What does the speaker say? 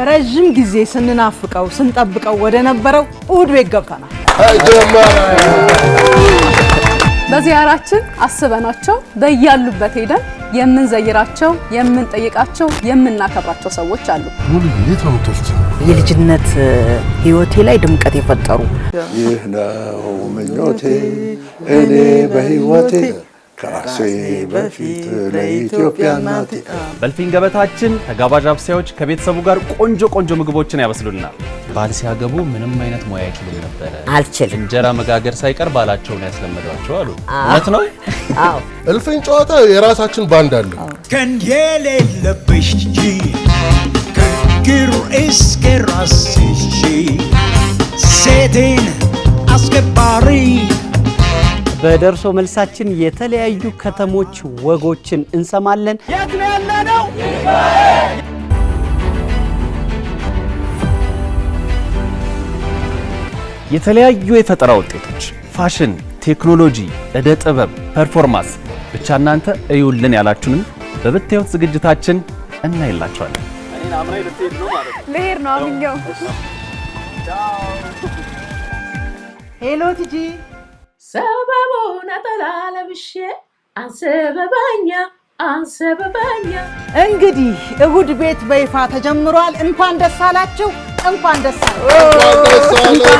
ለረዥም ጊዜ ስንናፍቀው ስንጠብቀው ወደ ነበረው እሑድ ቤት ገብተናል። በዚያራችን አስበናቸው በያሉበት ሄደን የምንዘይራቸው የምንጠይቃቸው የምናከብራቸው ሰዎች አሉ። የልጅነት ህይወቴ ላይ ድምቀት የፈጠሩ ይህ ነው ምኞቴ እኔ በህይወቴ ከራሴ በፊት ለኢትዮጵያ ገበታችን ተጋባዥ አብሳዮች ከቤተሰቡ ጋር ቆንጆ ቆንጆ ምግቦችን ያበስሉናል። ባል ሲያገቡ ምንም አይነት ሙያ አይችሉም ነበረ። አልችልም እንጀራ መጋገር ሳይቀር ባላቸውን ያስለመዷቸው አሉ። እውነት ነው። እልፍኝ ጨዋታ የራሳችን ባንድ አለ። ከንየሌለብሽ የሌለብሽ እስከ ራስሽ ሴቴን በደርሶ መልሳችን የተለያዩ ከተሞች ወጎችን እንሰማለን። የት ነው የተለያዩ የፈጠራ ውጤቶች፣ ፋሽን፣ ቴክኖሎጂ፣ እደ ጥበብ፣ ፐርፎርማንስ ብቻ እናንተ እዩልን ያላችሁንም በብታዩት ዝግጅታችን እናይላቸዋለን። ልሄድ ነው አሁን ሄሎ ቲጂ ሰበቡን ነጠላ ለብሼ አንሰበባኛ አንሰበባኛ። እንግዲህ እሁድ ቤት በይፋ ተጀምሯል። እንኳን ደስ አላችሁ፣ እንኳን ደስ አላችሁ።